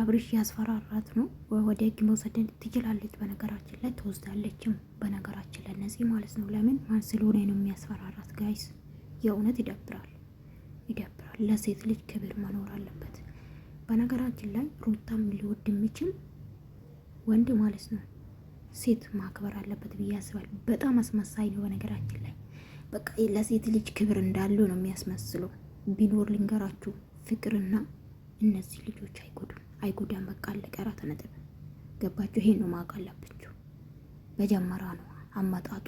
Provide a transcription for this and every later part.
አብርሽ ያስፈራራት ነው። ወደ ህግ መውሰድ ትችላለች። በነገራችን ላይ ትወስዳለችም። በነገራችን ላይ እነዚህ ማለት ነው። ለምን ማን ስለሆነ ነው የሚያስፈራራት? ጋይስ የእውነት ይደብራል፣ ይደብራል። ለሴት ልጅ ክብር መኖር አለበት። በነገራችን ላይ ሩታም ሊወድ የሚችል ወንድ ማለት ነው ሴት ማክበር አለበት ብዬ አስባለሁ። በጣም አስመሳይ ነው በነገራችን ላይ በቃ ለሴት ልጅ ክብር እንዳለው ነው የሚያስመስለው። ቢኖር ልንገራችሁ ፍቅርና እነዚህ ልጆች አይጎዱም፣ አይጎዳም። በቃ ለቀራ አራት ነጥብ ገባችሁ? ይሄን ነው ማወቅ አለባችሁ። መጀመራ ነው አመጣጡ።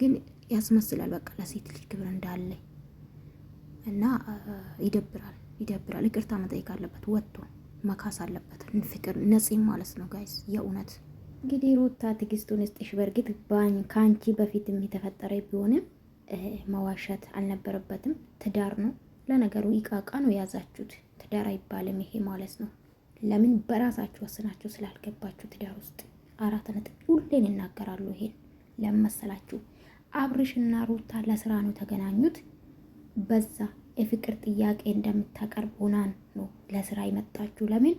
ግን ያስመስላል በቃ ለሴት ልጅ ክብር እንዳለ እና ይደብራል፣ ይደብራል። ይቅርታ መጠየቅ አለበት፣ ወጥቶ መካስ አለበት። ፍቅር ነፂም ማለት ነው ጋይስ የእውነት እንግዲህ ሩታ ትዕግስቱን ስጥሽ። በእርግጥ ከአንቺ በፊትም የተፈጠረ ቢሆንም መዋሸት አልነበረበትም። ትዳር ነው ለነገሩ፣ ይቃቃ ነው የያዛችሁት። ትዳር አይባልም ይሄ ማለት ነው። ለምን በራሳችሁ ወስናችሁ ስላልገባችሁ ትዳር ውስጥ አራት ነጥብ ሁሌን ይናገራሉ። ይሄን ለመሰላችሁ አብርሽና ሩታ ለስራ ነው የተገናኙት። በዛ የፍቅር ጥያቄ እንደምታቀርብ ሆናን ነው ለስራ ይመጣችሁ። ለምን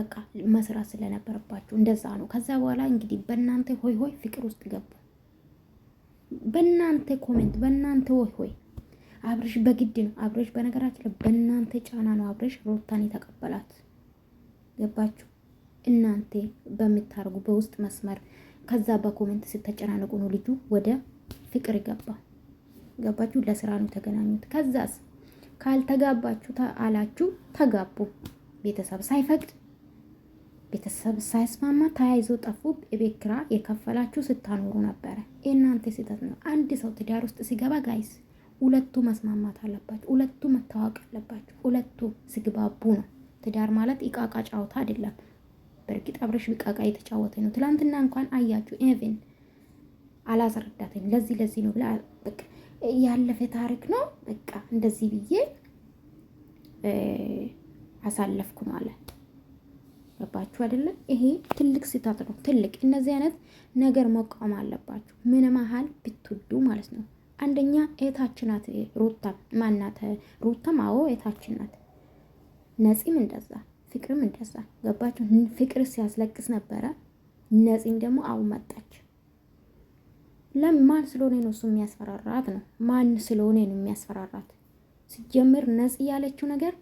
በቃ መስራት ስለነበረባችሁ እንደዛ ነው። ከዛ በኋላ እንግዲህ በእናንተ ሆይ ሆይ ፍቅር ውስጥ ገቡ። በእናንተ ኮሜንት፣ በእናንተ ሆይ ሆይ አብርሽ በግድ ነው። አብርሽ በነገራችን ላይ በእናንተ ጫና ነው አብርሽ ሩታን የተቀበላት። ገባችሁ? እናንተ በምታርጉ በውስጥ መስመር ከዛ በኮሜንት ስተጨናነቁ ነው ልጁ ወደ ፍቅር ገባ። ገባችሁ? ለስራ ነው የተገናኙት። ከዛስ ካልተጋባችሁ አላችሁ ተጋቡ። ቤተሰብ ሳይፈቅድ ቤተሰብ ሳይስማማ ተያይዞ ጠፉ። የቤት ኪራይ የከፈላችሁ ስታኖሩ ነበረ። እናንተ ስህተት ነው። አንድ ሰው ትዳር ውስጥ ሲገባ ጋይስ ሁለቱ መስማማት አለባቸው። ሁለቱ መታወቅ አለባቸው። ሁለቱ ስግባቡ ነው ትዳር ማለት ይቃቃ ጫወታ አይደለም። በእርግጥ አብረሽ ቢቃቃ የተጫወተ ነው። ትላንትና እንኳን አያችሁ ኤቨን አላስረዳትም። ለዚህ ለዚህ ነው ብላ ያለፈ ታሪክ ነው በቃ እንደዚህ ብዬ አሳለፍኩ አለ። ገባችሁ አይደለም? ይሄ ትልቅ ስህተት ነው። ትልቅ እነዚህ አይነት ነገር መቋም አለባችሁ። ምን መሀል ብትወዱ ማለት ነው አንደኛ እህታችን ናት ሩታ ማናተ ሩታም አዎ እህታችን ናት። ነፂም እንደዛ ፍቅርም እንደዛ ገባችሁ። ፍቅር ሲያስለቅስ ነበረ። ነፂም ደግሞ አው መጣች። ለማን ስለሆነ ነው እሱ የሚያስፈራራት ነው? ማን ስለሆነ ነው የሚያስፈራራት? ሲጀምር ነፂ ያለችው ነገር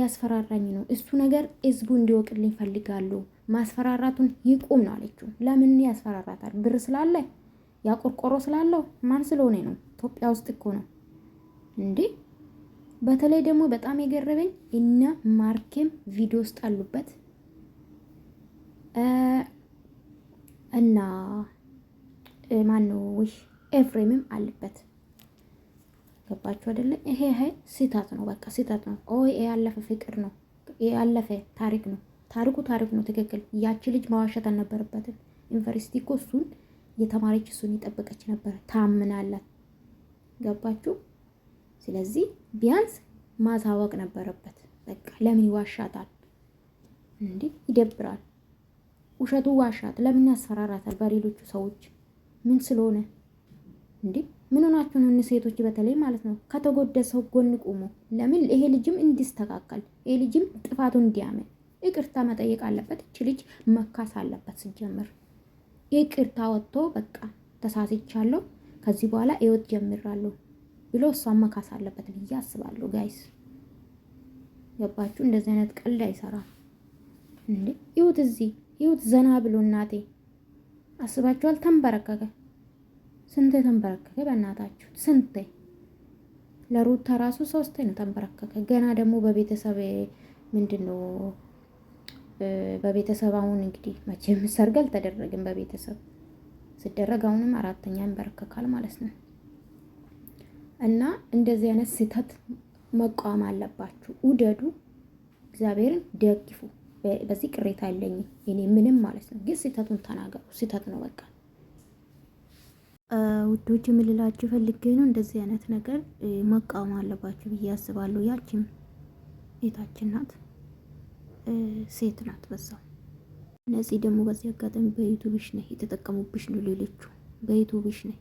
ያስፈራራኝ ነው እሱ ነገር ህዝቡ እንዲወቅልኝ ፈልጋሉ። ማስፈራራቱን ይቁም ነው አለችው። ለምን ያስፈራራታል? ብር ስላለ ያ ቆርቆሮ ስላለው ማን ስለሆነ ነው? ኢትዮጵያ ውስጥ እኮ ነው እንዴ። በተለይ ደግሞ በጣም የገረበኝ እነ ማርኬም ቪዲዮ ውስጥ አሉበት እና ማነው ውሽ ኤፍሬምም አለበት። ገባችሁ አይደለ? ይሄ ይሄ ስህተት ነው፣ በቃ ስህተት ነው። ኦ ያለፈ ፍቅር ነው፣ ያለፈ ታሪክ ነው። ታሪኩ ታሪክ ነው፣ ትክክል። ያቺ ልጅ መዋሸት አልነበረበትም። ዩኒቨርሲቲ እኮ እሱን የተማረች እሱን የጠበቀች ነበር። ታምናላት። ገባችሁ? ስለዚህ ቢያንስ ማሳወቅ ነበረበት። በቃ ለምን ይዋሻታል? እንዴ ይደብራል። ውሸቱ ዋሻት። ለምን ያስፈራራታል? በሌሎቹ ሰዎች ምን ስለሆነ እንዴ? ምን ሆናችሁ ነው? ሴቶች በተለይ ማለት ነው ከተጎዳ ሰው ጎን ቁሙ። ለምን ይሄ ልጅም እንዲስተካከል ይሄ ልጅም ጥፋቱ እንዲያምን ይቅርታ መጠየቅ አለበት። እች ልጅ መካስ አለበት ስጀምር ይቅርታ ወጥቶ በቃ ተሳስቻለሁ፣ ከዚህ በኋላ ህይወት ጀምራለሁ ብሎ እሷን መካስ አለበት ብዬ አስባለሁ። ጋይስ ገባችሁ? እንደዚህ አይነት ቀልድ አይሰራም እንዴ! ህይወት እዚህ ህይወት ዘና ብሎ እናቴ አስባችኋል? ተንበረከከ። ስንቴ ተንበረከከ? በእናታችሁ ስንቴ ለሩታ ራሱ ሶስቴ ነው ተንበረከከ። ገና ደግሞ በቤተሰብ ምንድን ነው በቤተሰብ አሁን እንግዲህ መቼም ሰርግ አልተደረግም። በቤተሰብ ሲደረግ አሁንም አራተኛ ይንበረከካል ማለት ነው። እና እንደዚህ አይነት ስህተት መቋም አለባችሁ። ውደዱ፣ እግዚአብሔርን ደግፉ። በዚህ ቅሬታ የለኝም እኔ ምንም ማለት ነው። ግን ስህተቱን ተናገሩ። ስህተት ነው በቃ። ውዶች የምልላችሁ ፈልጌ ነው። እንደዚህ አይነት ነገር መቃወም አለባችሁ ብዬ አስባለሁ። ያችም ቤታችን ናት። ሴት ናት በዛ እነዚህ ደግሞ በዚህ አጋጣሚ በዩቱብሽ ነ የተጠቀሙብሽ ነው ሌሎቹ በዩቱብሽ ነህ